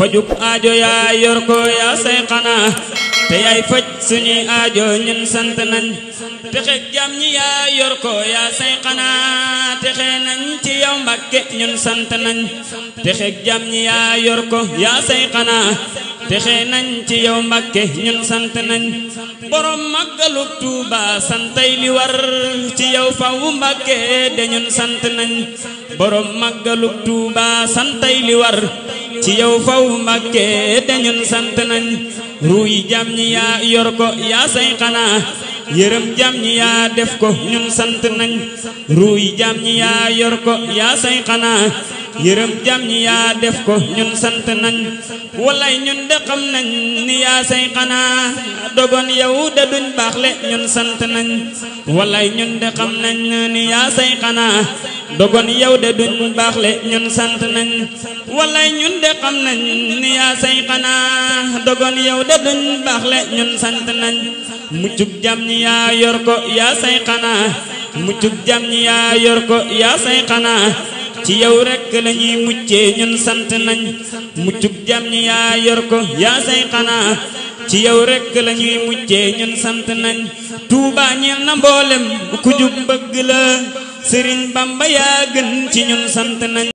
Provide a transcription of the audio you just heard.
fajug aajo yaa yor ko yaa say xanaa aajo ñun sant nañ texeg jàmm yor ko yaa say xanaa texe nañ ci yow Mbàkke ñun sant nañ texeg jàmm yor ko yaa nañ ci yow Mbàkke ñun sant nañ borom màggalug Tuuba santay li war ci yow fawu Mbàkke de ñun sant nañ borom màggalug Tuuba santay li ci yow faw Mbàkke te ñun sant nañ ruuy jàmm ñi yaa yor ko yaa say xanaa yërëm jàmm ñi yaa def ko ñun sant nañ ruuy jàmm ñi yaa yor ko yaa say xanaa yërëm jam ñi yaa def ko ñun sant nañ walay ñun de xam nañ ni yaa say xanaa dogon yow da duñ baaxle ñun sant nañ walay ñun de xam nañ ni yaa say xanaa dogon yow de duñ baaxle ñun sant nañ walay ñun de xam nañ ni yaa say xanaa dogon yow de duñ baaxle ñun sant nañ muccug jam ñi yaa yor ko yaa say xanaa muccug jam ñi yaa yor ko yaa say xanaa ci yow rekk lañuy muccee ñun sant nañ muccug jam ñi yaa yor ko yaa say xanaa ci yow rekk lañuy muccee ñun sant nañ tuuba ñeel na mboolem ku jub bëgg la sëriñ bamba yaa gën ci ñun sant nañ